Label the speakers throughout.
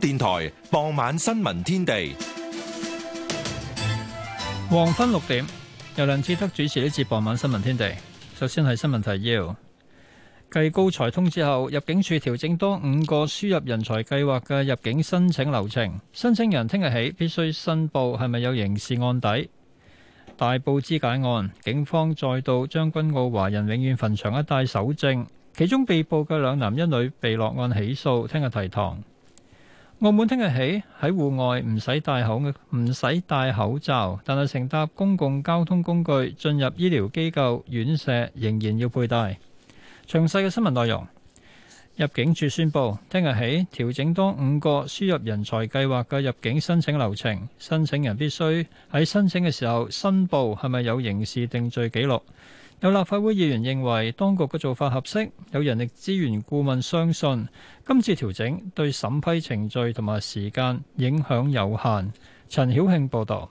Speaker 1: 電台傍晚新聞天地，黃昏六點由梁志德主持呢次傍晚新聞天地。首先係新聞提要，繼高才通知後，入境處調整多五個輸入人才計劃嘅入境申請流程，申請人聽日起必須申報係咪有刑事案底。大埔肢解案，警方再度將軍澳華人永遠墳場一帶搜證，其中被捕嘅兩男一女被落案起訴，聽日提堂。澳門聽日起喺戶外唔使戴口唔使戴口罩，但係乘搭公共交通工具、進入醫療機構、院舍仍然要佩戴。詳細嘅新聞內容，入境處宣布聽日起調整多五個輸入人才計劃嘅入境申請流程，申請人必須喺申請嘅時候申報係咪有刑事定罪記錄。有立法會議員認為當局嘅做法合適，有人力資源顧問相信今次調整對審批程序同埋時間影響有限。陳曉慶報導。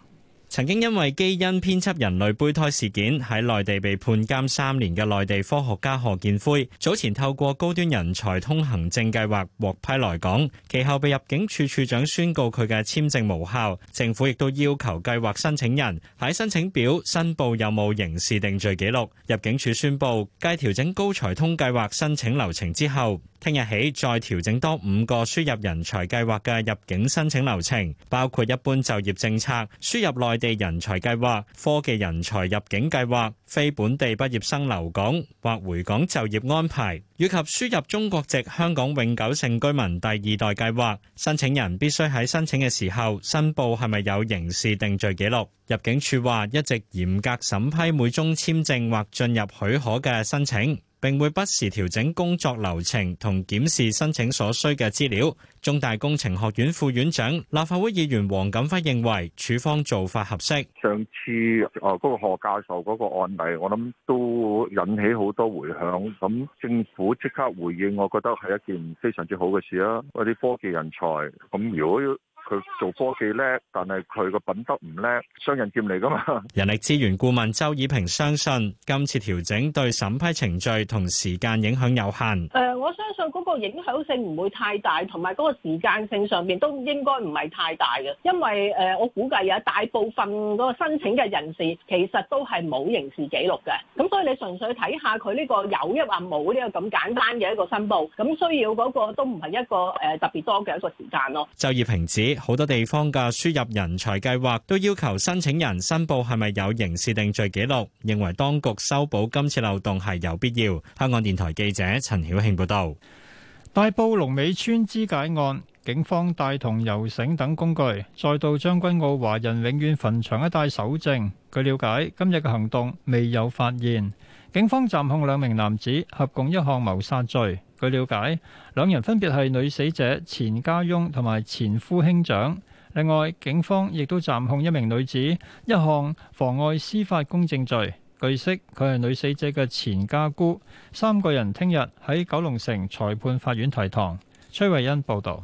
Speaker 1: 曾經因為基因編輯人類胚胎事件
Speaker 2: 喺內地被判監三年嘅內地科學家賀建奎，早前透過高端人才通行證計劃獲批來港，其後被入境處處長宣告佢嘅簽證無效。政府亦都要求計劃申請人喺申請表申報有冇刑事定罪記錄。入境處宣布，繼調整高才通計劃申請流程之後，聽日起，再調整多五個輸入人才計劃嘅入境申請流程，包括一般就業政策、輸入內地人才計劃、科技人才入境計劃、非本地畢業生留港或回港就業安排，以及輸入中國籍香港永久性居民第二代計劃。申請人必須喺申請嘅時候申報係咪有刑事定罪記錄。入境處話一直嚴格審批每宗簽證或進入許可嘅申請。並會不時調整工作流程同檢視申請所需嘅資料。中大工程學院副院長、立法會議員黃錦輝認為，處方做法合適。
Speaker 3: 上次啊，嗰個何教授嗰個案例，我諗都引起好多迴響。咁政府即刻回應，我覺得係一件非常之好嘅事啊！我啲科技人才咁，如果佢做科技叻，但係佢個品德唔叻，雙刃劍嚟噶嘛。
Speaker 2: 人力資源顧問周以平相信，今次調整對審批程序同時間影響有限。
Speaker 4: 誒，我相信嗰個影響性唔會太大，同埋嗰個時間性上面都應該唔係太大嘅，因為誒，我估計有大部分嗰個申請嘅人士其實都係冇刑事記錄嘅，咁所以你純粹睇下佢呢個有抑或冇呢個咁簡單嘅一個申報，
Speaker 2: 咁需要嗰個都唔係一個誒特別多嘅一個時間咯。周以平指。好多地方嘅輸入人才計劃都要求申請人申報係咪有刑事定罪記錄，認為當局修補今次漏洞係有必要。香港電台記者陳曉慶報導。
Speaker 1: 大埔龍尾村肢解案，警方帶同遊繩等工具，再到將軍澳華人永遠墳場一帶搜證。據了解，今日嘅行動未有發現，警方暫控兩名男子合共一項謀殺罪。據了解，兩人分別係女死者前家翁同埋前夫兄長。另外，警方亦都暫控一名女子，一項妨礙司法公正罪。據悉，佢係女死者嘅前家姑。三個人聽日喺九龍城裁判法院提堂。崔慧欣報道。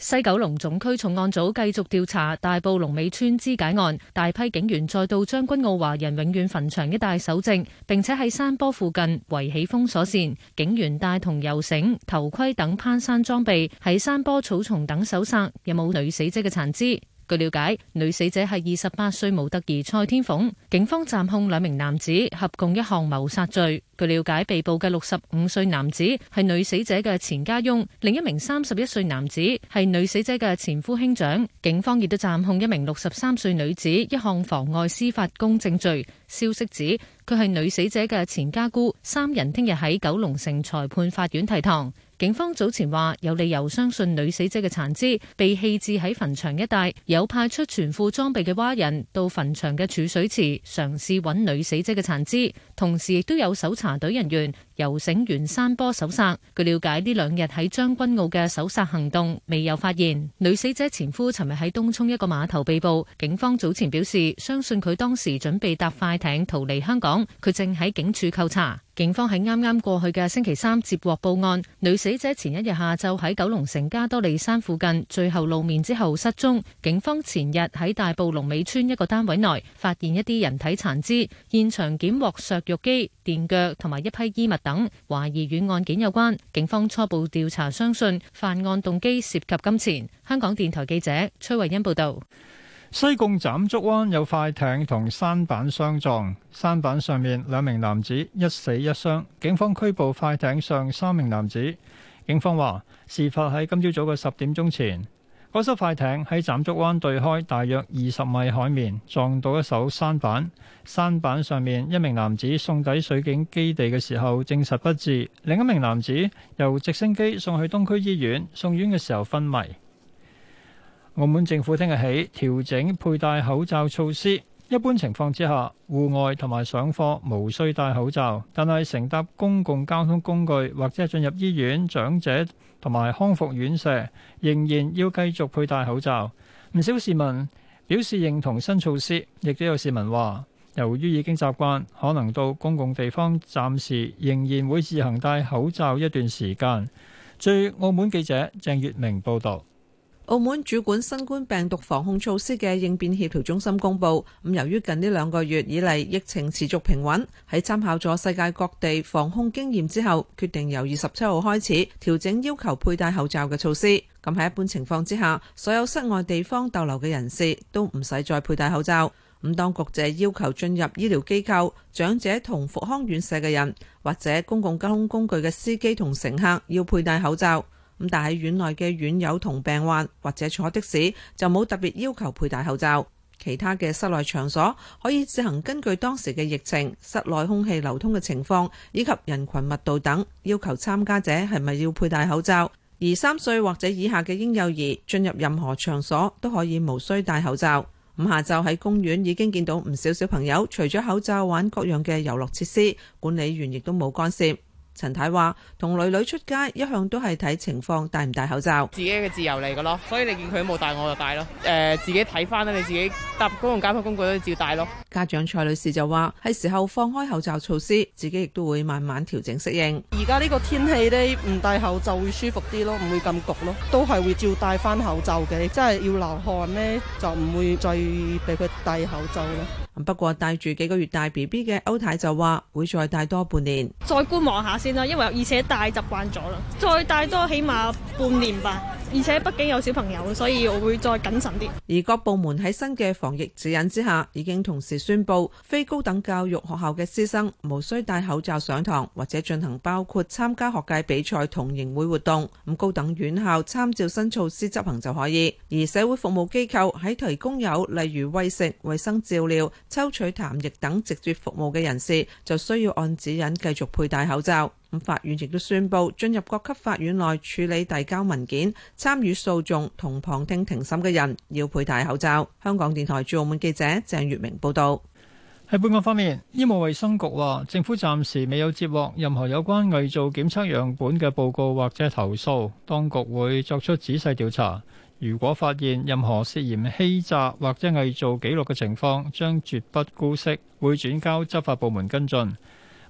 Speaker 5: 西九龍總區重案組繼續調查大埔龍尾村肢解案，大批警員再到將軍澳華人永遠墳場一帶搜證，並且喺山坡附近圍起封鎖線。警員帶同遊繩、頭盔等攀山裝備，喺山坡草叢等搜殺，有冇女死者嘅殘肢？據了解，女死者係二十八歲模特兒蔡天鳳，警方暫控兩名男子合共一項謀殺罪。據了解，被捕嘅六十五歲男子係女死者嘅前家翁，另一名三十一歲男子係女死者嘅前夫兄長。警方亦都暫控一名六十三歲女子一項妨礙司法公正罪。消息指佢係女死者嘅前家姑。三人聽日喺九龍城裁判法院提堂。警方早前話有理由相信女死者嘅殘肢被棄置喺墳場一帶，有派出全副裝備嘅蛙人到墳場嘅儲水池嘗試揾女死者嘅殘肢，同時亦都有搜查隊人員游繩沿山坡搜殺。據了解，呢兩日喺將軍澳嘅搜殺行動未有發現。女死者前夫尋日喺東涌一個碼頭被捕，警方早前表示相信佢當時準備搭快艇逃離香港，佢正喺警署扣查。警方喺啱啱過去嘅星期三接獲報案，女死者前一日下晝喺九龍城加多利山附近最後露面之後失蹤。警方前日喺大埔龍尾村一個單位內發現一啲人體殘肢，現場檢獲削肉機、電腳同埋一批衣物等，懷疑與案件有關。警方初步調查，相信犯案動機涉及金錢。香港電台記者崔慧欣報道。
Speaker 1: 西貢斬竹灣有快艇同舢板相撞，舢板上面兩名男子一死一傷，警方拘捕快艇上三名男子。警方話事發喺今朝早嘅十點鐘前，嗰艘快艇喺斬竹灣對開大約二十米海面撞到一艘舢板，舢板上面一名男子送抵水警基地嘅時候證實不治，另一名男子由直升機送去東區醫院，送院嘅時候昏迷。澳門政府聽日起調整佩戴口罩措施，一般情況之下，戶外同埋上課無需戴口罩，但係乘搭公共交通工具或者進入醫院、長者同埋康復院舍，仍然要繼續佩戴口罩。唔少市民表示認同新措施，亦都有市民話，由於已經習慣，可能到公共地方暫時仍然會自行戴口罩一段時間。據澳門記者鄭月明報道。
Speaker 4: 澳門主管新冠病毒防控措施嘅應變協調中心公布，咁由於近呢兩個月以嚟疫情持續平穩，喺參考咗世界各地防控經驗之後，決定由二十七號開始調整要求佩戴口罩嘅措施。咁喺一般情況之下，所有室外地方逗留嘅人士都唔使再佩戴口罩。咁當局者要求進入醫療機構、長者同復康院舍嘅人，或者公共交通工具嘅司機同乘客要佩戴口罩。咁但喺院內嘅院友同病患或者坐的士就冇特別要求佩戴口罩。其他嘅室內場所可以自行根據當時嘅疫情、室內空氣流通嘅情況以及人群密度等，要求參加者係咪要佩戴口罩。而三歲或者以下嘅嬰幼兒進入任何場所都可以無需戴口罩。咁下晝喺公園已經見到唔少小朋友除咗口罩玩各樣嘅遊樂設施，管理員亦都冇干涉。陳太話：同女女出街一向都係睇情況戴唔戴口罩，自
Speaker 6: 己嘅自由嚟噶咯，所以你見佢冇
Speaker 4: 戴我就戴咯。誒、呃，自
Speaker 6: 己睇翻啦，你自己搭公共交通工具都要照戴
Speaker 4: 咯。家長蔡女士就話：係時候放開口罩措施，自己亦都會慢慢調整適應。而家呢個天氣咧，唔戴口罩會舒服啲咯，唔會咁焗咯，都係會照戴翻口罩嘅。真係要流汗咧，就唔會再俾佢戴口罩啦。不過帶住幾個月大 B B 嘅歐太就話會再帶多半年，
Speaker 7: 再觀望下先啦。因為而且帶習慣咗啦，再帶多起碼半年吧。而且畢竟有小朋友，所以我會再謹慎啲。
Speaker 4: 而各部門喺新嘅防疫指引之下，已經同時宣布，非高等教育學校嘅師生無需戴口罩上堂或者進行包括參加學界比賽同營會活動。咁高等院校參照新措施執行就可以。而社會服務機構喺提供有例如喂食、衛生照料。抽取痰液等直接服務嘅人士就需要按指引繼續佩戴口罩。咁法院亦都宣布進入各級法院內處理遞交文件、參與訴訟同旁聽庭審嘅人要佩戴口
Speaker 1: 罩。香港電台駐澳門記者鄭月明報道。喺本港方面，醫務衛生局話政府暫時未有接獲任何有關偽造檢測樣本嘅報告或者投訴，當局會作出仔細調查。如果發現任何涉嫌欺詐或者偽造紀錄嘅情況，將絕不姑息，會轉交執法部門跟進。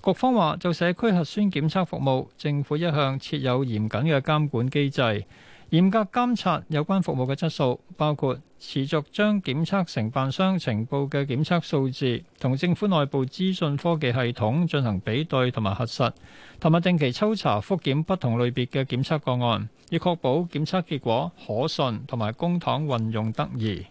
Speaker 1: 局方話，就社區核酸檢測服務，政府一向設有嚴謹嘅監管機制。嚴格監察有關服務嘅質素，包括持續將檢測承辦商呈報嘅檢測數字同政府內部資訊科技系統進行比對同埋核實，同埋定期抽查覆檢不同類別嘅檢測個案，以確保檢測結果可信同埋公帑運用得宜。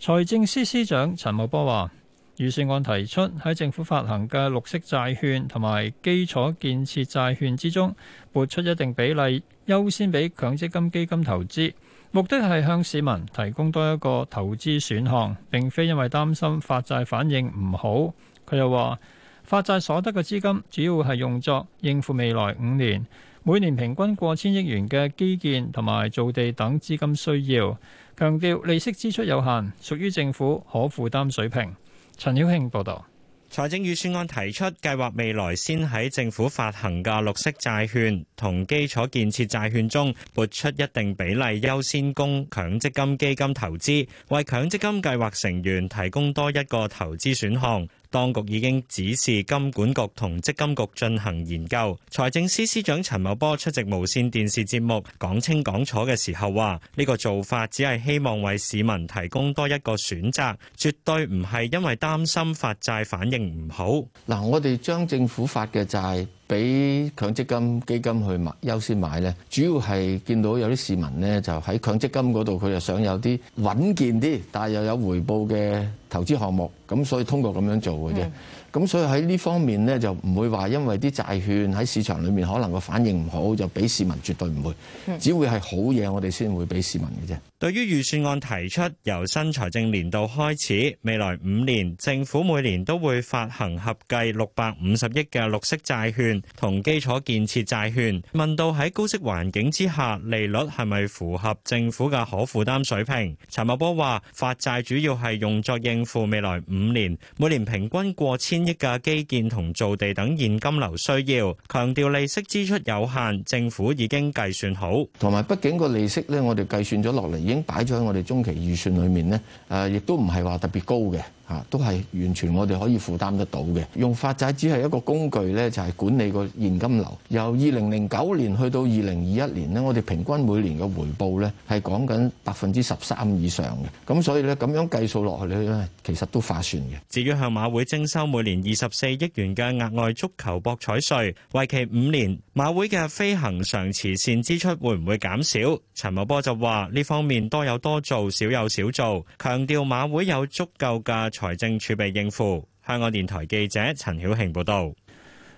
Speaker 1: 財政司司長陳茂波話。預算案提出喺政府發行嘅綠色債券同埋基礎建設債券之中撥出一定比例，優先俾強積金基金投資，目的係向市民提供多一個投資選項。並非因為擔心發債反應唔好。佢又話，發債所得嘅資金主要係用作應付未來五年每年平均過千億元嘅基建同埋造地等資金需要，強調利息支出有限，屬於政府可負擔水平。陳曉慶報道，財政預算案
Speaker 2: 提出計劃，未來先喺政府發行嘅綠色債券同基礎建設債券中撥出一定比例，優先供強積金基金投資，為強積金計劃成員提供多一個投資選項。當局已經指示金管局同積金局進行研究。財政司司長陳茂波出席無線電視節目《講清講楚》嘅時候話：呢個做法只係希望為市民提供多一個選擇，絕對唔係因為擔心發債反應唔
Speaker 3: 好。嗱，我哋將政府發嘅債，俾強積金基金去買，優先買呢，主要係見到有啲市民呢，就喺強積金嗰度，佢就想有啲穩健啲，但係又有回報嘅投資項目，咁所以通過咁樣做嘅啫。嗯咁所以喺呢方面呢，就唔會話，因為啲債券喺市場裏面可能個反應唔好，就俾市民絕對唔會，只會係好嘢，我哋先會俾市民嘅啫。
Speaker 2: 對於預算案提出由新財政年度開始，未來五年政府每年都會發行合計六百五十億嘅綠色債券同基礎建設債券。問到喺高息環境之下，利率係咪符合政府嘅可負擔水平？陳茂波話：發債主要係用作應付未來五年每年平均過千。億嘅基建同造地等現金流需要，強調利息支出有限，政府已經
Speaker 3: 計算好。同埋，畢竟個利息咧，我哋計算咗落嚟，已經擺咗喺我哋中期預算裏面咧，誒、呃，亦都唔係話特別高嘅。啊，都係完全我哋可以負擔得到嘅。用發債只係一個工具呢，就係管理個現金流。由二零零九年去到二零二一年呢，我哋平均每年嘅回報呢係講緊百分之十三以上嘅。咁所以呢，咁樣計數落去呢，其實都化算嘅。
Speaker 2: 至於向馬會徵收每年二十四億元嘅額外足球博彩稅，為期五年，馬會嘅飛行常慈善支出會唔會減少？陳茂波就話呢方面多有多做，少有少做，強調馬會有足夠嘅。財政儲備應付。香港電台記者陳曉
Speaker 1: 慶報道。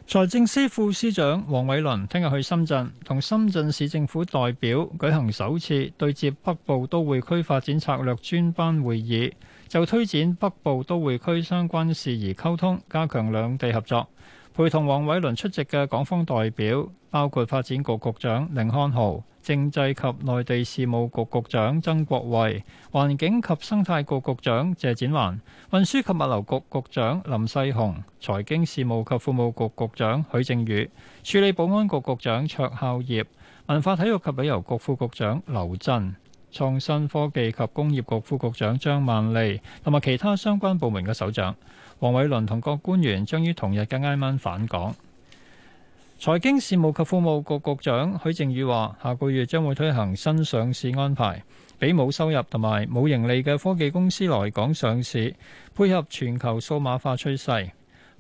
Speaker 1: 財政司副司長黃偉綸聽日去深圳，同深圳市政府代表舉行首次對接北部都會區發展策略專班會議，就推展北部都會區相關事宜溝通，加強兩地合作。陪同黃偉綸出席嘅港方代表包括發展局局長甯漢豪、政制及內地事務局局長曾國衛、環境及生態局局長謝展環、運輸及物流局局長林世雄、財經事務及庫務局局長許正宇、處理保安局局長卓孝業、文化體育及旅遊局副局長劉震、創新科技及工業局副局長張曼利，同埋其他相關部門嘅首長。黃偉倫同各官員將於同日嘅挨晚返港。財經事務及庫務局局長許正宇話：下個月將會推行新上市安排，俾冇收入同埋冇盈利嘅科技公司來港上市，配合全球數碼化趨勢。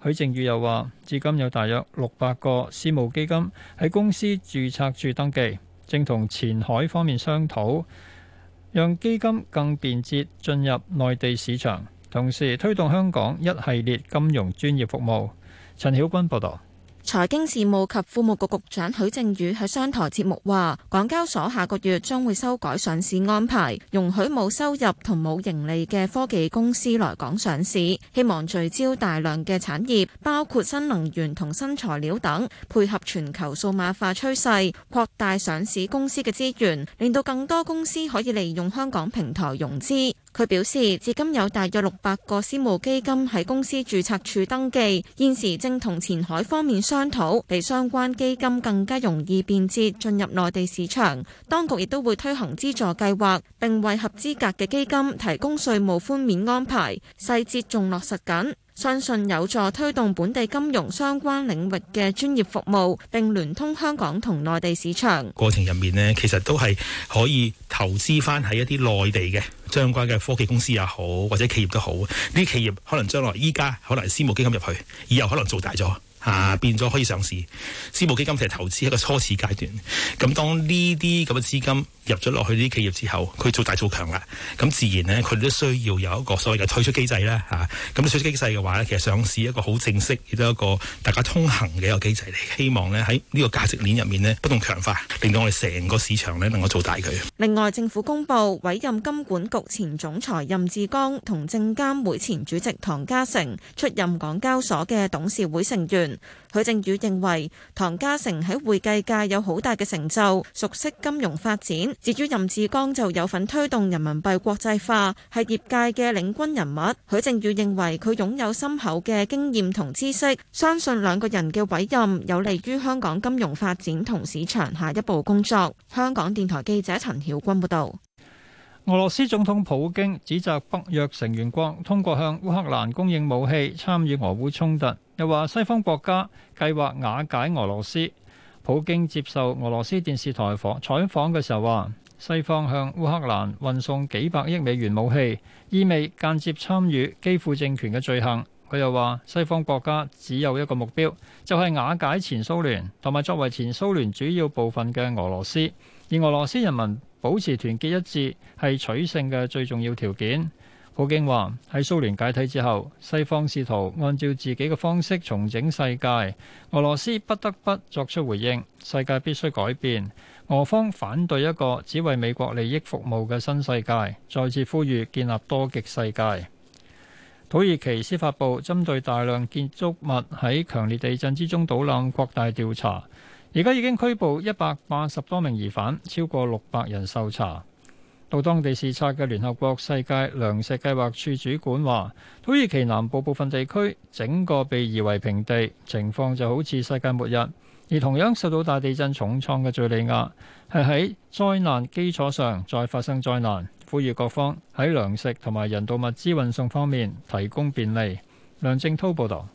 Speaker 1: 許正宇又話：至今有大約六百個私募基金喺公司註冊處登記，正同前海方面商討，讓基金更便捷進入內地市場。同時推動香港一系列金融專業服務。陳曉君報導。
Speaker 7: 財經事務及庫務局局長許正宇喺商台節目話，港交所下個月將會修改上市安排，容許冇收入同冇盈利嘅科技公司來港上市，希望聚焦大量嘅產業，包括新能源同新材料等，配合全球數碼化趨勢，擴大上市公司嘅資源，令到更多公司可以利用香港平台融資。佢表示，至今有大約六百個私募基金喺公司註冊處登記，現時正同前海方面商討，俾相關基金更加容易便捷進入內地市場，當局亦都會推行資助計劃，並為合資格嘅基金提供稅務寬免安排，細節仲落實緊。相信有助推動本地金融相關領域嘅專業服務，並聯通香港同內地市場。
Speaker 2: 過程入面呢，其實都係可以投資翻喺一啲內地嘅相關嘅科技公司也好，或者企業都好。呢啲企業可能將來依家可能私募基金入去，以後可能做大咗嚇、啊，變咗可以上市。私募基金其實投資喺一個初始階段，咁當呢啲咁嘅資金，入咗落去啲企業之後，佢做大做強啦。咁自然咧，佢都需要有一個所謂嘅退出機制啦。吓、啊、咁、啊、退出機制嘅話咧，其實上市一個好正式亦都一個大家通行嘅一個機制嚟。希望咧喺呢個價值鏈入面咧不斷強化，令到我哋成個市場咧能夠做大佢。
Speaker 7: 另外，政府公布委任金管局前總裁任志剛同證監會前主席唐家成出任港交所嘅董事會成員，許正宇認為唐家成喺會計界有好大嘅成就，熟悉金融發展。至於任志剛就有份推動人民幣國際化，係業界嘅領軍人物。許正宇認為佢擁有深厚嘅經驗同知識，相信兩個人嘅委任有利於香港金融發展同市場下一步工作。香港電台記者陳曉君報道，
Speaker 1: 俄羅斯總統普京指責北約成員國通過向烏克蘭供應武器參與俄烏衝突，又話西方國家計劃瓦解俄羅斯。普京接受俄羅斯電視台訪採訪嘅時候話，西方向烏克蘭運送幾百億美元武器，意味間接參與基輔政權嘅罪行。佢又話西方國家只有一個目標就係瓦解前蘇聯同埋作為前蘇聯主要部分嘅俄羅斯，而俄羅斯人民保持團結一致係取勝嘅最重要條件。普京話：喺蘇聯解體之後，西方試圖按照自己嘅方式重整世界，俄羅斯不得不作出回應。世界必須改變，俄方反對一個只為美國利益服務嘅新世界，再次呼籲建立多極世界。土耳其司法部針對大量建築物喺強烈地震之中倒冧，擴大調查，而家已經拘捕一百八十多名疑犯，超過六百人受查。到當地視察嘅聯合國世界糧食計劃處主管話：土耳其南部部分地區整個被夷為平地，情況就好似世界末日。而同樣受到大地震重創嘅敘利亞，係喺災難基礎上再發生災難，呼籲各方喺糧食同埋人道物資運送方面提供便利。梁正滔報導。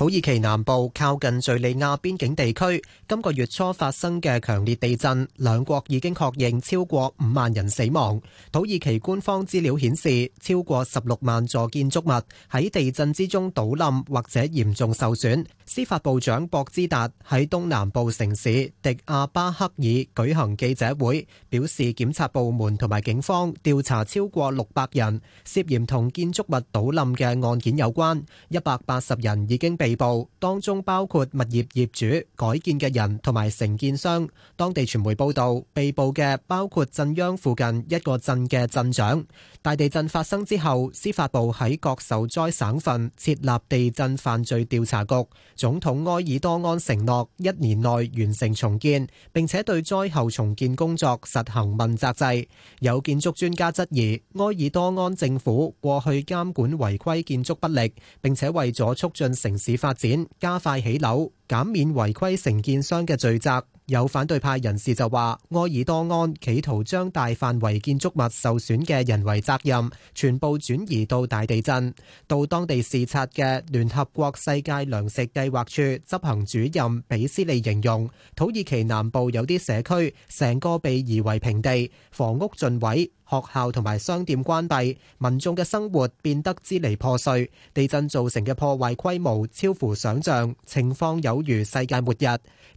Speaker 1: 土耳其
Speaker 8: 南部靠近敘利亞邊境地區，今個月初發生嘅強烈地震，兩國已經確認超過五萬人死亡。土耳其官方資料顯示，超過十六萬座建築物喺地震之中倒冧或者嚴重受損。司法部長博茲達喺東南部城市迪亞巴克爾舉行記者會，表示檢察部門同埋警方調查超過六百人涉嫌同建築物倒冧嘅案件有關，一百八十人已經被。被捕當中包括物業業主、改建嘅人同埋承建商。當地傳媒報道，被捕嘅包括震央附近一個鎮嘅鎮長。大地震發生之後，司法部喺各受災省份設立地震犯罪調查局。總統埃爾多安承諾一年內完成重建，並且對災後重建工作實行問責制。有建築專家質疑埃爾多安政府過去監管違規建築不力，並且為咗促進城市。發展加快起樓，減免違規承建商嘅罪責。有反對派人士就話，埃爾多安企圖將大範圍建築物受損嘅人為責任全部轉移到大地震。到當地視察嘅聯合國世界糧食計劃處執行主任比斯利形容，土耳其南部有啲社區成個被夷為平地，房屋盡毀。學校同埋商店關閉，民眾嘅生活變得支離破碎。地震造成嘅破壞規模超乎想象，情況有如世界末日。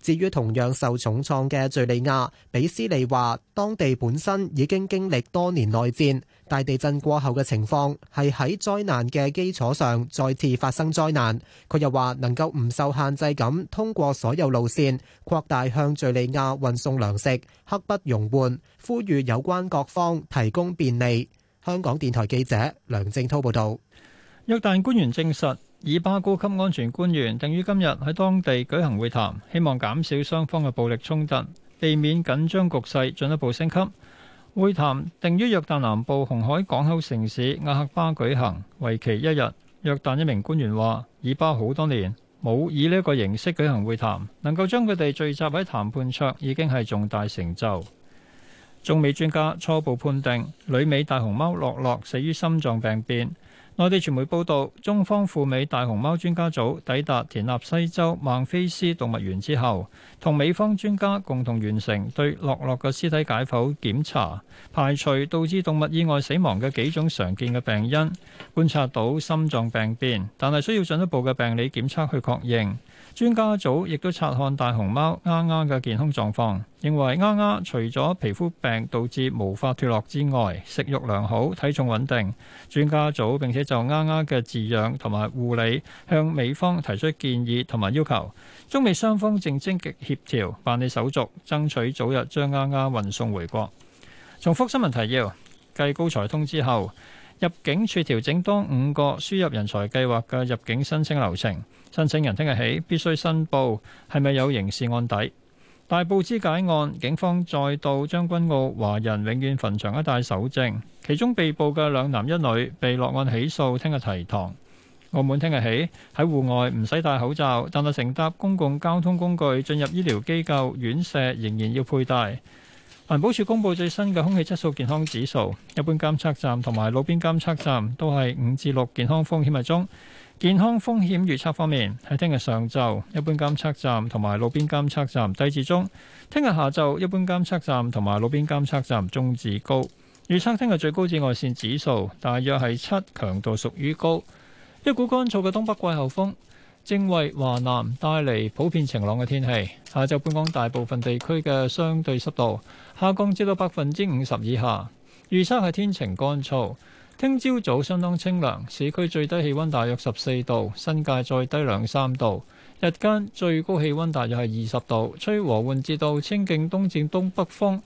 Speaker 8: 至於同樣受重創嘅敘利亞，比斯利話當地本身已經經歷多年內戰，大地震過後嘅情況係喺災難嘅基礎上再次發生災難。佢又話能夠唔受限制咁通過所有路綫擴大向敘利亞運送糧食，刻不容緩。呼籲有關各方提供便利。香港電台記者梁正濤報道：
Speaker 1: 約旦官員證實，以巴高級安全官員定於今日喺當地舉行會談，希望減少雙方嘅暴力衝突，避免緊張局勢進一步升級。會談定於約旦南部紅海港口城市阿克巴舉行，為期一日。約旦一名官員話：以巴好多年冇以呢一個形式舉行會談，能夠將佢哋聚集喺談判桌，已經係重大成就。中美專家初步判定，旅美大熊貓樂樂死於心臟病變。內地傳媒報道，中方赴美大熊貓專家組抵達田納西州孟菲斯動物園之後，同美方專家共同完成對樂樂嘅屍體解剖檢查，排除導致動物意外死亡嘅幾種常見嘅病因，觀察到心臟病變，但係需要進一步嘅病理檢測去確認。專家組亦都察看大熊貓啱啱嘅健康狀況。認為丫丫除咗皮膚病導致無法脫落之外，食慾良好、體重穩定，專家組，並且就丫丫嘅飼養同埋護理向美方提出建議同埋要求。中美雙方正積極協調辦理手續，爭取早日將丫丫運送回國。重複新聞提要：繼高才通知後，入境處調整多五個輸入人才計劃嘅入境申請流程，申請人聽日起必須申報係咪有刑事案底。大埔肢解案，警方再到將軍澳華人永遠墳場一帶搜證，其中被捕嘅兩男一女被落案起訴，聽日提堂。澳門聽日起喺戶外唔使戴口罩，但係乘搭公共交通工具、進入醫療機構、院舍仍然要佩戴。環保署公布最新嘅空氣質素健康指數，一般監測站同埋路邊監測站都係五至六，健康風險係中。健康風險預測方面，喺聽日上晝一般監測站同埋路邊監測站低至中；聽日下晝一般監測站同埋路邊監測站中至高。預測聽日最高紫外線指數大約係七，強度屬於高。一股乾燥嘅東北季候風正為華南帶嚟普遍晴朗嘅天氣，下晝本港大部分地區嘅相對濕度下降至到百分之五十以下，預測係天晴乾燥。聽朝早，早相當清涼，市區最低氣温大約十四度，新界再低兩三度。日間最高氣温大約係二十度，吹和緩至到清勁東至東北風，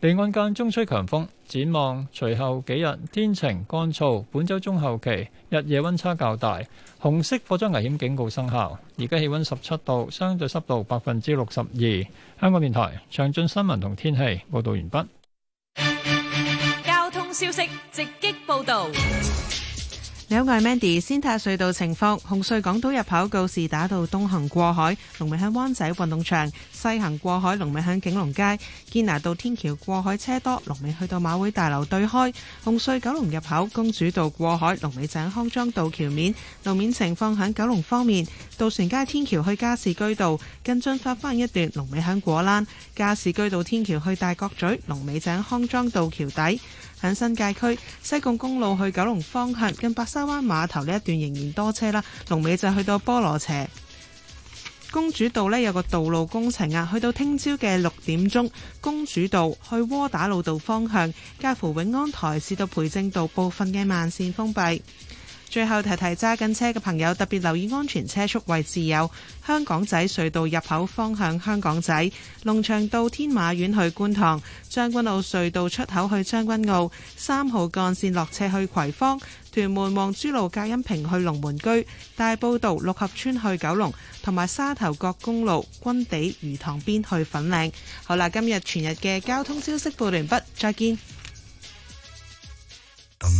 Speaker 1: 離岸間中吹強風。展望隨後幾日天晴乾燥，本週中後期日夜温差較大，紅色火災危險警告生效。而家氣温十七度，相對濕度百分之六十二。香港電台詳盡新聞同天氣報導完畢。
Speaker 6: 消息直擊報道。你好，我係 Mandy。先睇下隧道情況。紅隧港島入口告士打道東行過海，龍尾響灣仔運動場；西行過海，龍尾響景隆街堅拿道天橋過海車多，龍尾去到馬會大樓對開。紅隧九龍入口公主道過海，龍尾井康莊道橋面路面情況響九龍方面，渡船街天橋去加士居道跟進發返一段龍尾響果欄，加士居道天橋去大角咀龍尾井康莊道橋底。喺新界區西貢公路去九龍方向，近白沙灣碼頭呢一段仍然多車啦。龍尾就去到菠蘿斜公主道呢有個道路工程啊，去到聽朝嘅六點鐘，公主道去窩打老道方向，介乎永安台至到培正道部分嘅慢線封閉。最後提提揸緊車嘅朋友，特別留意安全車速位置有：香港仔隧道入口方向香港仔、龍翔道天馬苑去觀塘、將軍澳隧道出口去將軍澳、三號幹線落車去葵芳、屯門望珠路隔音屏去龍門居、大埔道六合村去九龍、同埋沙頭角公路軍地魚塘邊去粉嶺。好啦，今日全日嘅交通消息報完畢，再見。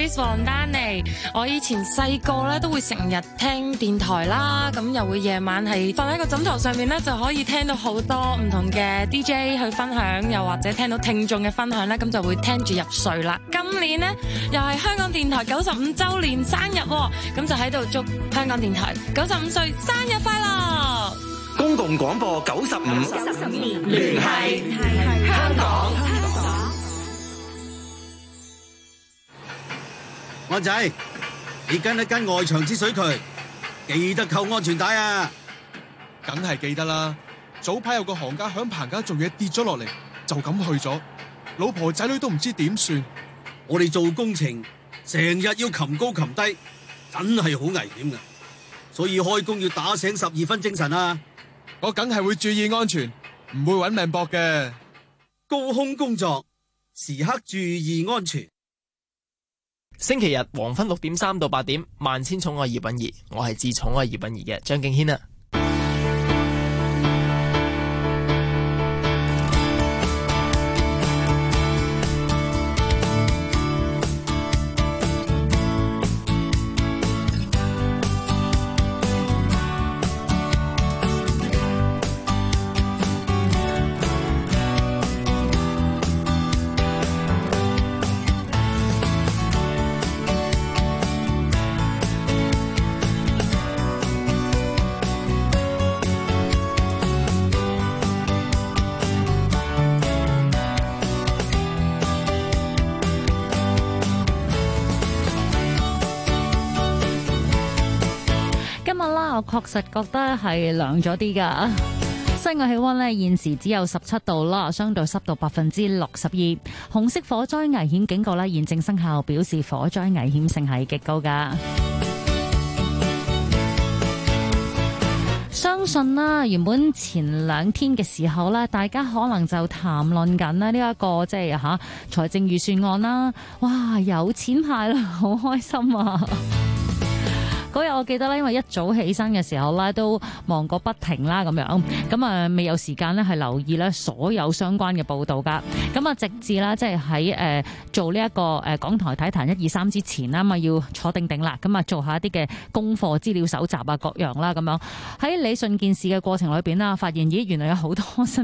Speaker 5: 係王丹妮。我以前細個咧都會成日聽電台啦，咁又會夜晚係瞓喺個枕頭上面咧，就可以聽到好多唔同嘅 DJ 去分享，又或者聽到聽眾嘅分享咧，咁就會聽住入睡啦。今年咧又係香港電台九十五周年生日，咁就喺度祝香港電台九十五歲生日快樂。
Speaker 8: 公共廣播九十五
Speaker 7: 年
Speaker 2: 聯繫
Speaker 5: 香港。
Speaker 2: 我仔，你跟一跟外牆之水渠，記得扣安全帶啊！梗係記得啦。早排有個行家響棚架做嘢跌咗落嚟，就咁去咗，老婆仔女都唔知點算。我哋做工程，成日要擒高擒低，真係好危險噶。所以開工要打醒十二分精神啊！我梗係會注意安全，唔會揾命搏嘅。高空工作，時刻注意安
Speaker 8: 全。星期日黃昏六點三到八點，萬千寵愛葉蘊儀，我係至寵愛葉蘊儀嘅張敬軒啊！
Speaker 5: 確實覺得係涼咗啲噶，室 外氣溫呢，現時只有十七度啦，相對濕度百分之六十二，紅色火災危險警告咧現正生效，表示火災危險性係極高噶。 相信啦，原本前兩天嘅時候呢，大家可能就談論緊咧呢一個即係吓財政預算案啦，哇有錢派啦，好開心啊！ 嗰日我記得咧，因為一早起身嘅時候咧，都忙過不停啦，咁樣咁啊，未有時間咧係留意咧所有相關嘅報道噶。咁啊，直至啦，即係喺誒做呢一個誒港台體壇一二三之前啦，嘛要坐定定啦，咁啊做下一啲嘅功課資料搜集啊，各樣啦，咁樣，喺理順件事嘅過程裏邊啦發現咦，原來有好多新